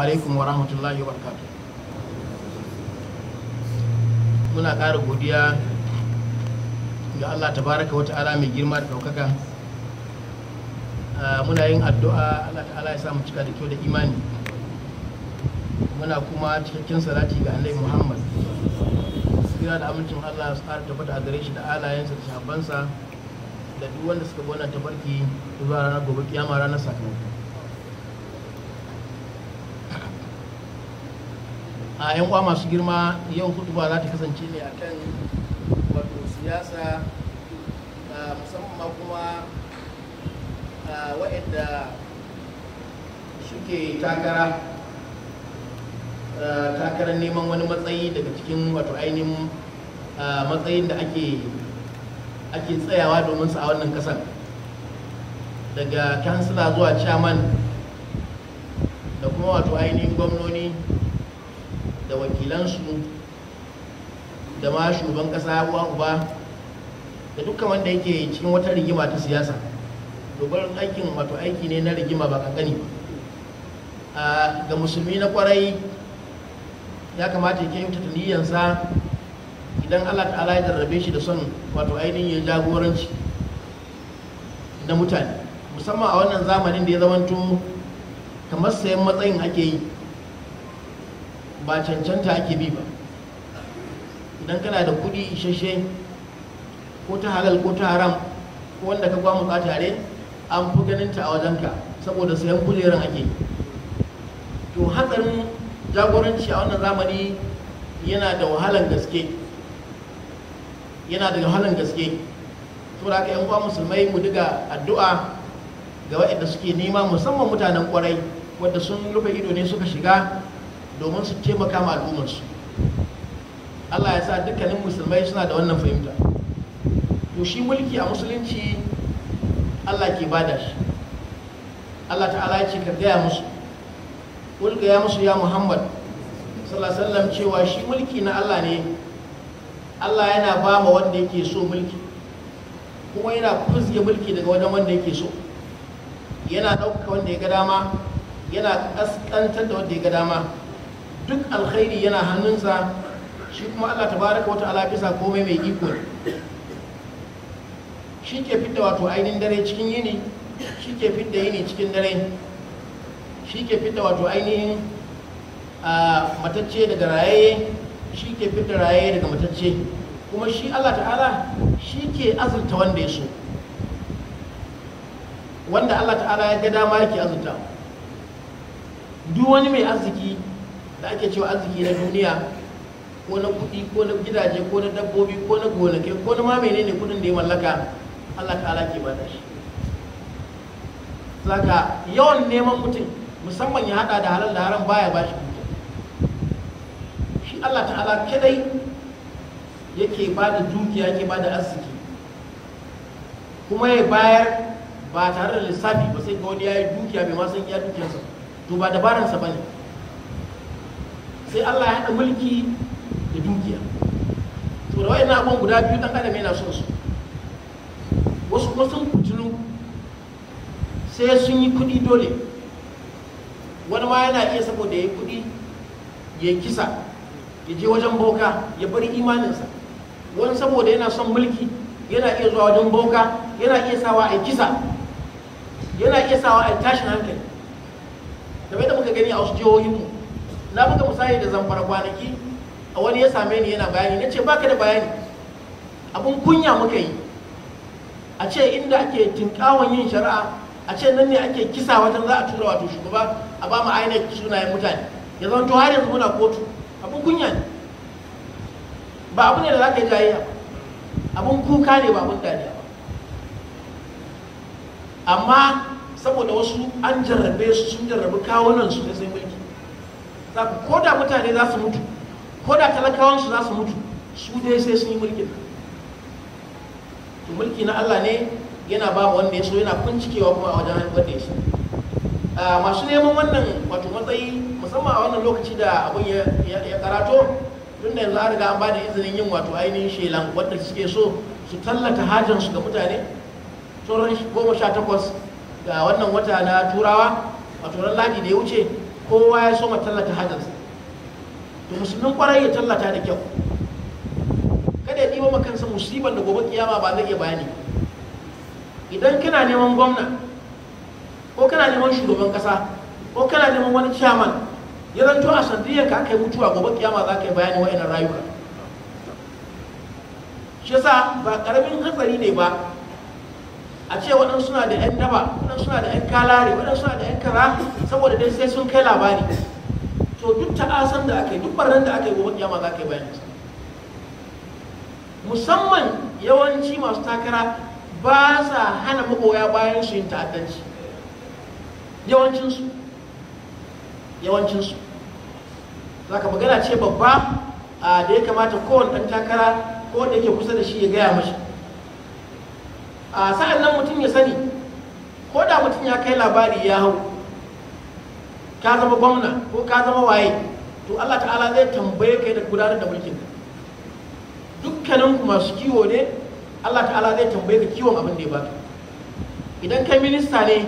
alaikum wa rahmatullahi wa barakatuh muna ƙara godiya ga Allah ta baraka wata ala mai girma da ɗaukaka ah, muna yin addu'a Allah ta'ala ya samu cika da kyau da imani muna kuma cikakken salati ga Allah Muhammad gina da amincin Allah su ƙara tabbata a gare shi da alayensa da shabansa da duk wanda suka bi wannan tabarki zuwa ranar gobe kiyama ranar sakamako a yan uwa masu girma yau hudu ba za ta kasance ne kan wato siyasa musamman kuma waɗanda suke takara takarar neman wani matsayi daga cikin wato ainihin matsayin da ake ake tsayawa domin su a wannan kasar daga kansila zuwa chairman da kuma wato ainihin gwamnoni da wakilansu da ma shugaban kasa uwa uba da dukkan wanda yake cikin wata rigima ta siyasa dogon aikin wato aiki ne na rigima ba kankani ba ga musulmi na kwarai ya kamata ya kyauta tuniyansa idan allah ta'ala ya jarrabe shi da son wato ainihin ya jagoranci na mutane musamman a wannan zamanin da ya zamanto kamar sayan matsayin ake yi ba cancanta ake bi ba idan kana da kudi isasshe ko ta halal ko ta haram ko wanda ka kwamu ka tare an fi ganinta a ka saboda sayan kujeran ake to hatsarin jagoranci a wannan zamani yana da wahalan gaske yana da wahalan gaske da haka yan kwa musulmai mu diga addu'a ga waɗanda suke nema musamman mutanen kwarai wadda sun rufe ido ne suka shiga domin su taimaka ma al'ummarsu Allah ya sa dukkanin musulmai suna da wannan fahimta to shi mulki a musulunci Allah ke bada shi Allah ta'ala ya ce ka gaya musu kul gaya musu ya Muhammad sallallahu alaihi cewa shi mulki na Allah ne Allah yana ba ma wanda yake so mulki kuma yana fuzge mulki daga wajen wanda yake so yana ɗauka wanda ya ga dama yana ƙasƙantar da wanda ya ga dama duk alkhairi yana hannunsa shi kuma Allah tabaraka wata ta'ala bisa komai mai iko shi ke fidda wato ainihin dare cikin yini shi ke fidda yini cikin dare shi ke fidda wato ainihin matacce daga raye shi ke fidda raye daga matacce kuma shi Allah ta'ala shi ke azurta wanda ya so wanda Allah ta'ala ya ga dama yake azurta duk wani mai arziki da ake cewa arziki na duniya ko na kuɗi ko na gidaje ko na dabbobi ko na gonake ko na ma menene kuɗin da ya mallaka Allah ta'ala ke da shi zaka yawan neman mutum musamman ya hada da halal da haram baya ba shi shi Allah ta'ala kadai yake ba da dukiya yake ba da arziki kuma ya bayar ba tare da lissafi ba sai ga wani ya yi dukiya bai ma san iya dukiyarsa to ba dabaransa ba ne sai Allah ya haɗa mulki da dukiya to da wayannan abubuwan guda biyu ɗan adam yana son su wasu kuma sun kutunu sai sun yi kuɗi dole wani ma yana iya saboda ya yi kuɗi ya kisa ya je wajen boka ya bari imaninsa wani saboda yana son mulki yana iya zuwa wajen boka yana iya sawa a kisa yana iya sawa a tashin hankali kamar da muka gani a wasu jihohinmu na buga misali da zamfara kwanaki a wani ya same ni yana bayani na ce baka da bayani abun kunya muka yi a ce inda ake tinkawon yin shari'a a ce nan ne ake kisa wata za a tura wato shugaba a ba mu ainihin sunayen mutane ya zama to har yanzu muna kotu abun kunya ne ba abu ne da za ka yi jayayya abun kuka ne ba abun dariya ba amma saboda wasu an jarrabe su sun kawo kawunan su sai sun ko da mutane za su mutu ko da talakawansu za su mutu su dai sai sun yi mulkin to mulki na Allah ne yana ba wanda ya so yana kuncikewa kuma a wajen wanda ya so masu neman wannan wato matsayi musamman a wannan lokaci da abin ya karato tunda yanzu an riga an ba da izinin yin wato ainihin shelan wanda suke so su tallata hajjansu ga mutane sauran goma sha takwas ga wannan wata na turawa wato ran ladi da ya wuce kowa ya so tallata hajarsa to musulmin kwarai ya tallata da kyau kada ya ɗiba kansa musibar da gobe kiyama ba zai iya bayani idan kana neman gwamna ko kana neman shugaban kasa ko kana neman wani chairman ya zanto a sandiyar ka aka yi mutuwa gobe kiyama za ka yi bayani wa'annan rayuwa shi yasa ba karamin hatsari ne ba a ce waɗansu suna da 'yan daba waɗansu suna da 'yan kalare waɗansu suna da 'yan kara saboda dai sai sun kai labari to duk ta'asan da aka yi duk barnan da aka yi gobe kiyama za ka yi bayan musamman yawanci masu takara ba sa hana magoya bayan su yin ta'addanci yawancinsu yawancinsu za ka magana ce babba da ya kamata kowane ɗan takara ko wanda yake kusa da shi ya gaya mashi a sa'an nan mutum ya sani ko da mutum ya kai labari ya hau ka zama gwamna ko ka zama waye to Allah ta'ala zai tambaye kai da gudanar da mulkin dukkanin ku masu kiwo ne Allah ta'ala zai tambaye ka kiwon abin da ya baka idan kai minista ne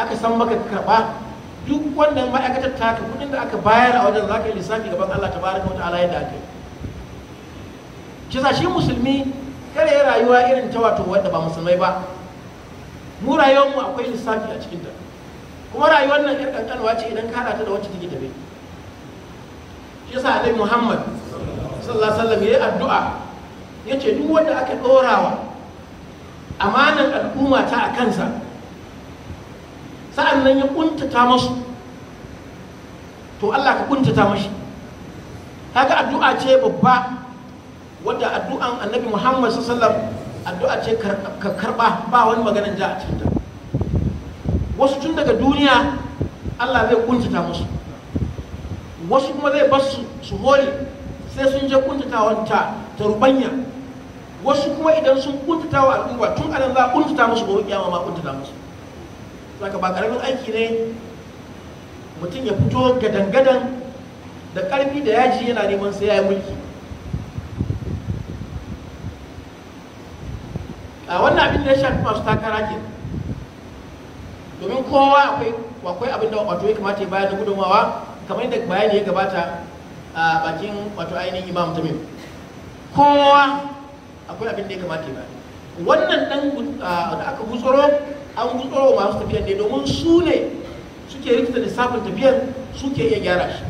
aka san maka karba duk wannan ma'aikatar taka kudin da aka bayar a wajen zaka lissafi gaban Allah tabaraka wata ala yadda aka yi kisa shi musulmi kada ya rayuwa irin ta wato wanda ba musulmai ba mu rayuwar akwai lissafi a cikin ta kuma rayuwar nan yar kankanwa ce idan ka hada ta da wacce take tafe shi yasa annabi Muhammad sallallahu alaihi wasallam yayi addu'a yace duk wanda aka dorawa amanan al'umma ta a kansa sa'an nan ya kuntata masu to Allah ka kuntata mashi haka addu'a ce babba wadda addu'an annabi muhammad sallallahu addu'a ce ka karba ba wani maganin ja a cikin wasu tun daga duniya allah zai kuntata musu wasu kuma zai bar su su holi sai sun je kuntata wanta ta rubanya wasu kuma idan sun kuntata wa al'umma tun anan za a kuntata musu ko kiyama ma kuntata musu saka ba karamin aiki ne mutum ya fito gadan-gadan da karfi da yaji yana neman sai ya yi mulki wannan abin da ya shafi masu takara ke domin kowa akwai akwai abin da wato ya kamata ya bayar da gudunmawa kamar yadda bayani ya gabata a bakin wato ainihin imam tamim kowa akwai abin da ya kamata ya bayar wannan dan da aka gutsuro an gutsuro masu tafiyar ne domin su ne suke rikita lissafin tafiyar suke iya gyara shi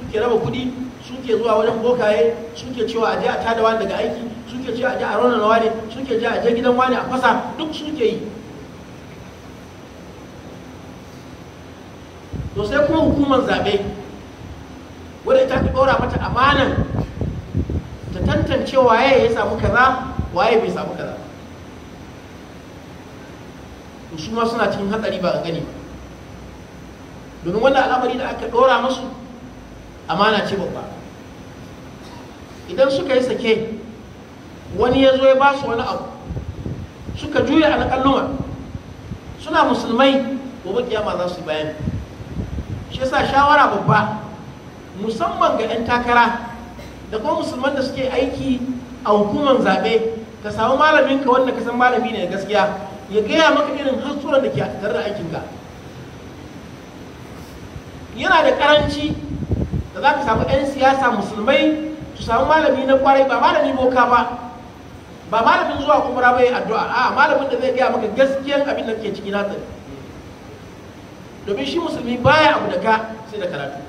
suke raba kuɗi suke zuwa wajen bokaye suke cewa a je a tada wani daga aiki suke ce a ji a raunana wani suke ji a je gidan wani a fasa duk suke yi to sai kuma hukumar zaɓe wadda ta fi ɗora mata amanan ta tantance waye ya samu kaza waye bai samu kaza to su ma suna cikin hatsari ba a gani ba domin wannan al'amari da aka ɗora musu amana ce babba idan suka yi sake wani ya zo ya ba su wani abu suka juya alƙalluma suna musulmai gobe kiyama za su bayani shi yasa shawara babba musamman ga 'yan takara da kuma musulman da suke aiki a hukumar zaɓe ka samu malamin ka wanda kasan san malami ne gaskiya ya gaya maka irin hasuran da ke tare da aikinka yana da karanci da za ka samu 'yan siyasa musulmai su samu malami na kwarai ba malami boka ba ba malamin zuwa umra bai addu'a a malamin da zai gaya maka gaskiyar abin da ke ciki na tsari domin shi musulmi baya abu da ka sai da karatu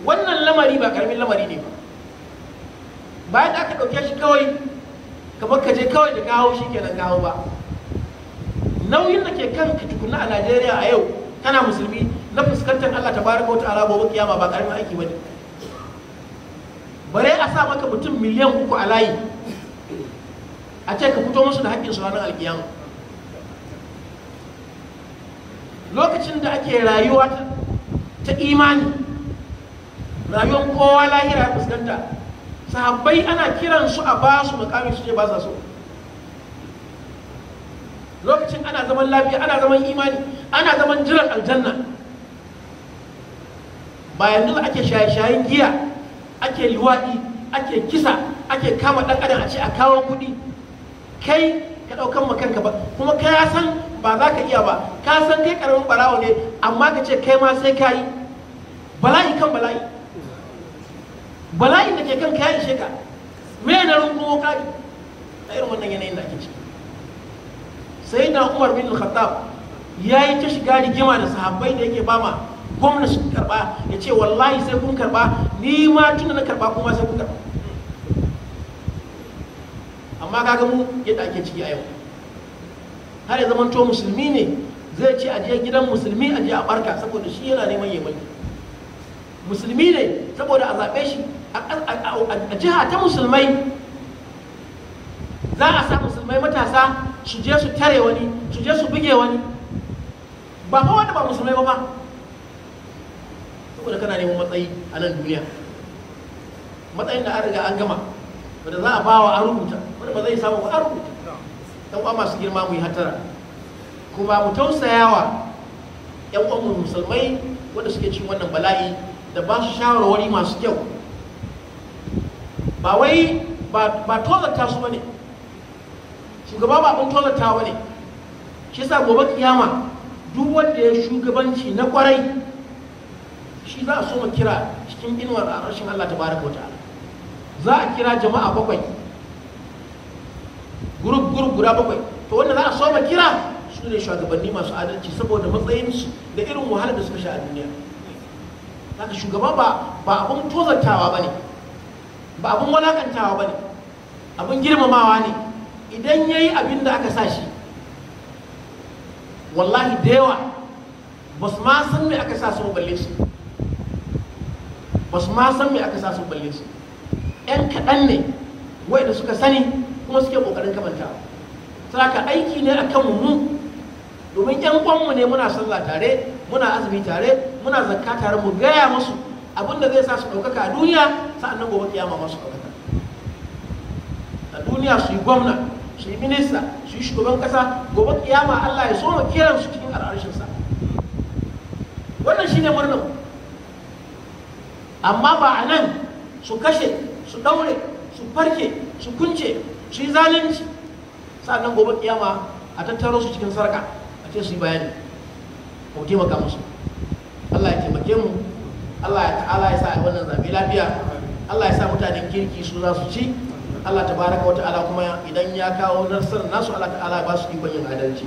wannan lamari ba karamin lamari ne ba bayan da aka ɗauke shi kawai kamar ka je kawai da kawo shi nan kawo ba nauyin da ke kan ka tukuna a najeriya a yau kana musulmi na fuskantar allah ta baraka wata ala gobe kiyama ba karamin aiki ba ne bare a sa maka mutum miliyan uku a layi a ce ka fito musu da haƙƙinsu ranar alkiyama lokacin da ake rayuwa ta imani rayuwar kowa lahira fuskanta sahabbai ana kiran su a ba su makami su ce ba sa so lokacin ana zaman lafiya ana zaman imani ana zaman jiran aljanna ba nuna ake shaye-shayen giya ake liwaɗi ake kisa ake kama ɗan adam a ce a kawo kuɗi kai ka ɗaukan ma kanka ba kuma ka san ba za ka iya ba ka san kai ƙaramin barawo ne amma ka ce kai ma sai ka yi bala'i kan bala'i bala'i da ke kan ka ishe ka me na rungumo ka a irin wannan yanayin da ake ciki sai na umar bin khattab ya yi ta shiga rigima da sahabbai da yake bama gwamnati karba ya ce wallahi sai kun karba ni ma tun na karba kuma sai kun karba amma kaga mu yadda ake ciki a yau har ya zamanto musulmi ne zai ce a je gidan musulmi a je a barka saboda shi yana neman yi mulki musulmi ne saboda a zaɓe shi a jiha ta musulmai za a sa musulmai matasa su je su tare wani su je su buge wani ba fa wanda ba musulmai ba ba saboda kana neman matsayi a nan duniya matsayin da an riga an gama wanda za a ba wa an rubuta wanda ba zai samu ba uwa masu girma mu yi hatara kuma mu tausayawa yan uwan musulmai wanda suke cin wannan bala'i da ba su shawarwari masu kyau ba wai ba tozarta su bane shugaba ba abin tozarta bane shi yasa gobe kiyama duk wanda ya shugabanci na kwarai shi za a so mu kira cikin inuwar rashin Allah tabaraka wa ta'ala za a kira jama'a bakwai gurup gurup guda bakwai to wanda za a soma kira su ne shugabanni masu adalci saboda matsayinsu da irin wahalar da suka sha a duniya haka shugaba ba ba abin tozartawa ba ne ba abin walakantawa ba ne abin girmamawa ne idan ya yi abin da aka sa shi wallahi da yawa ba su ma san me aka sa su balle su, ba su ma san me aka sa su balle su, 'yan kaɗan ne wai da suka sani kuma suke kokarin kamanta saka aiki ne akan mu domin yan mu ne muna sallah tare muna azumi tare muna zakka tare mu gaya musu abin da zai sa su ɗaukaka a duniya sa'annan gobe kiyama ma su ɗaukaka a duniya su yi gwamna su yi minista su yi shugaban ƙasa gobe kiyama Allah ya soma kiran su cikin sa wannan shine murna amma ba a nan su kashe su daure, su farke su kunce su yi zalunci sannan gobe kiyama a tattaro su cikin sarka a ce su yi bayani mu taimaka musu Allah ya taimake mu Allah ya ta'ala ya sa a wannan zabe lafiya Allah ya sa mutanen kirki su za su ci Allah tabaraka wa ta'ala kuma idan ya kawo nasarar nasu Allah ta'ala ba su ikon yin adalci